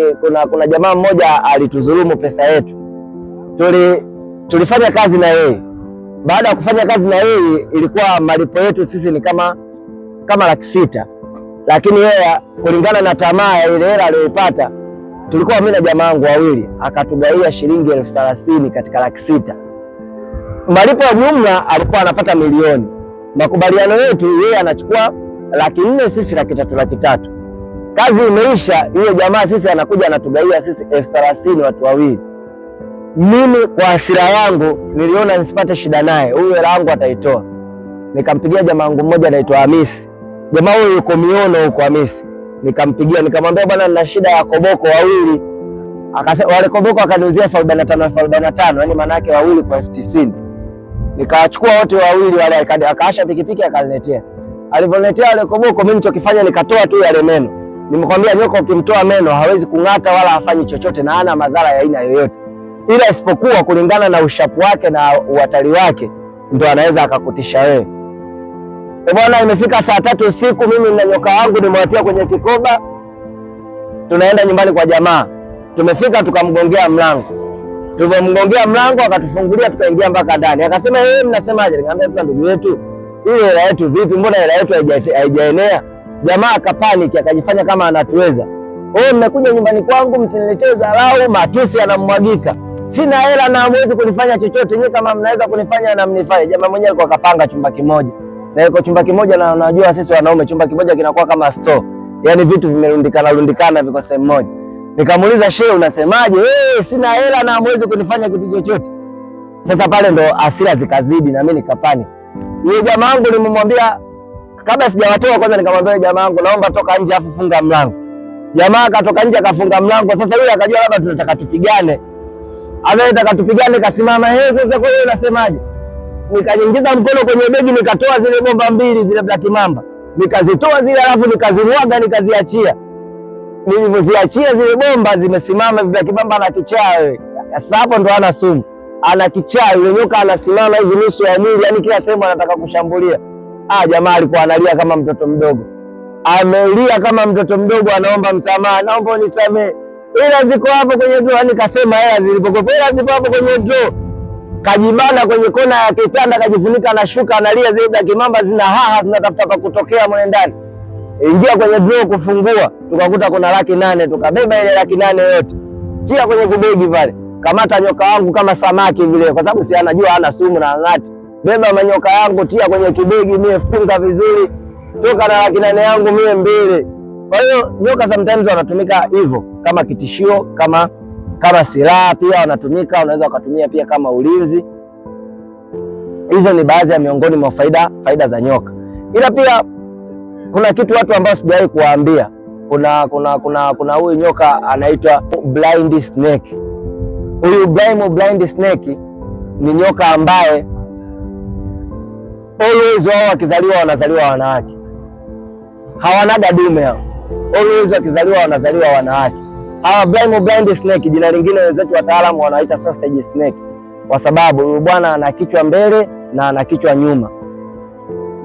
Eh, kuna, kuna jamaa mmoja alituzulumu pesa yetu. Tuli, tulifanya kazi na yeye. Baada ya kufanya kazi na yeye ilikuwa malipo yetu sisi ni kama kama laki sita, lakini yeye kulingana na tamaa ya ile hela aliyoipata, tulikuwa mimi na jamaa wangu wawili, akatugawia shilingi elfu thelathini katika laki sita. Malipo ya jumla alikuwa anapata milioni. Makubaliano yetu yeye anachukua laki nne, sisi laki tatu laki tatu kazi imeisha, hiyo jamaa sisi anakuja anatugaia sisi elfu thelathini watu wawili. Mimi kwa hasira yangu niliona nisipate shida naye, huyu hela yangu ataitoa. Nikampigia jamaa wangu mmoja anaitwa Hamisi, jamaa huyo yuko Miono huko Hamisi. Nikampigia nikamwambia, bwana, nina shida ya koboko wawili. Akasema wale koboko akaniuzia elfu arobaini na tano elfu arobaini na tano yani maana yake wawili kwa elfu tisini Nikawachukua wote wawili wale, akaasha pikipiki akaniletea. Alivyoniletea wale koboko, mimi nilichokifanya nikatoa tu yale meno Nimekwambia nyoka ukimtoa meno hawezi kung'ata wala hafanyi chochote, na hana madhara ya aina yoyote, ila isipokuwa kulingana na ushapu wake na uhatari wake ndo anaweza akakutisha wewe. Bwana, imefika saa tatu usiku, mimi na nyoka wangu nimewatia kwenye kikoba, tunaenda nyumbani kwa jamaa. Tumefika tukamgongea mlango, tulivyomgongea mlango akatufungulia, tukaingia mpaka ndani. Akasema yeye, eh, mnasemaje? Nikamwambia sasa, ndugu yetu, ile hela yetu vipi? Mbona hela yetu haijaenea? Jamaa akapaniki akajifanya kama anatuweza, oh, mmekuja nyumbani kwangu msiniletee dharau, matusi yanamwagika, sina hela na hamwezi kunifanya chochote, nyie kama mnaweza kunifanya na mnifanye. Jamaa mwenyewe alikuwa akapanga chumba kimoja na iko chumba kimoja, na unajua sisi wanaume chumba kimoja kinakuwa kama store, yani vitu vimerundikana rundikana viko sehemu moja. Nikamuuliza, shehe, unasemaje? Hey, eh, sina hela na hamwezi kunifanya kitu chochote. Sasa pale ndo asira zikazidi, na mimi nikapani. Yule jamaa wangu nilimwambia Kabla sijawatoa kwanza, nikamwambia jamaa wangu, naomba toka nje afu funga mlango. Jamaa akatoka nje akafunga mlango. Sasa yule akajua labda tunataka tupigane, anayetaka tupigane kasimama. Hey, sasa kwa hiyo unasemaje? Nikaingiza mkono kwenye begi, nikatoa zile bomba mbili zile Black Mamba, nikazitoa zile, alafu nikazimwaga, nikaziachia. Nilivyoziachia zile bomba zimesimama. Black Mamba na kichaa wewe. Sasa hapo ndo ana sumu, ana kichaa yenyoka, anasimama hivi nusu ya mwili, yani kila sehemu anataka kushambulia. Ah, jamaa alikuwa analia kama mtoto mdogo, amelia kama mtoto mdogo, anaomba msamaha, naomba unisamee, ila ziko hapo kwenye droo. Yani kasema hela zilipokuwa, ila ziko hapo kwenye droo. Kajibana kwenye kona ya kitanda, kajifunika na shuka, analia zile za kimamba zina haha, zinatafuta pa kutokea mwe ndani. Ingia kwenye droo kufungua, tukakuta kuna laki nane, tukabeba ile laki nane yote, tia kwenye kubegi pale, kamata nyoka wangu kama samaki vile, kwa sababu si anajua ana sumu na ngati beba manyoka yangu tia kwenye kibegi, mie funga vizuri, toka na laki nane yangu mie mbili. Kwa hiyo nyoka sometimes wanatumika hivyo kama kitishio, kama kama silaha pia wanatumika, unaweza wakatumia pia kama ulinzi. Hizo ni baadhi ya miongoni mwa faida faida za nyoka, ila pia kuna kitu watu ambao sijawahi kuwaambia. Kuna kuna kuna kuna huyu nyoka anaitwa blind snake. Huyu blind snake ni nyoka ambaye always wao wakizaliwa wanazaliwa wanawake, hawanaga dume hao. Always wakizaliwa wanazaliwa wanawake. Hawa blind blind snake, jina lingine wenzetu wataalamu wanaita sausage snake, kwa sababu huyu bwana ana kichwa mbele na ana kichwa nyuma.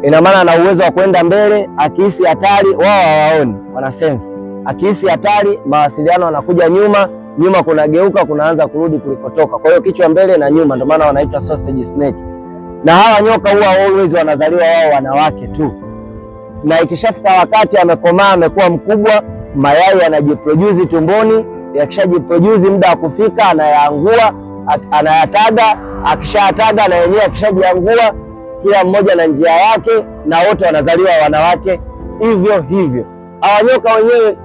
Ina maana ana uwezo wa kwenda mbele, akihisi hatari wao hawaoni, wana sense. Akihisi hatari, mawasiliano anakuja nyuma, nyuma kunageuka, kunaanza kurudi kulikotoka. Kwa hiyo kichwa mbele na nyuma, ndio maana wanaita sausage snake na hawa nyoka huwa always wanazaliwa wao wanawake tu, na ikishafika wakati amekomaa, amekuwa mkubwa, mayai yanajiproduce tumboni. Yakishajiproduce muda wa kufika, anayaangua, anayataga. Akishayataga na yenyewe akishajiangua, kila mmoja na njia yake, na wote wanazaliwa wanawake hivyo hivyo. Hawa nyoka wenyewe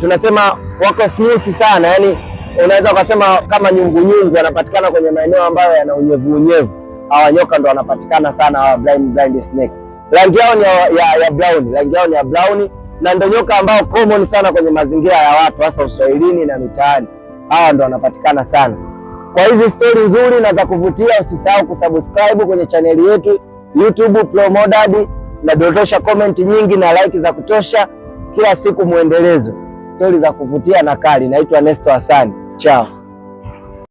tunasema wako smooth sana, yani unaweza ukasema kama nyungunyungu, wanapatikana kwenye maeneo ambayo yana unyevu unyevu hawa nyoka ndo wanapatikana sana hawa blind, blind snake. Rangi yao ni ya, ya brown, rangi yao ni ya brown na ndo nyoka ambao common sana kwenye mazingira ya watu hasa uswahilini na mitaani, hawa ndo wanapatikana sana. Kwa hizi stori nzuri na za kuvutia, usisahau kusubscribe kwenye chaneli yetu YouTube na dondosha comment nyingi na like za kutosha kila siku, mwendelezo stori za kuvutia na kali. Naitwa Nesto Hassan, chao.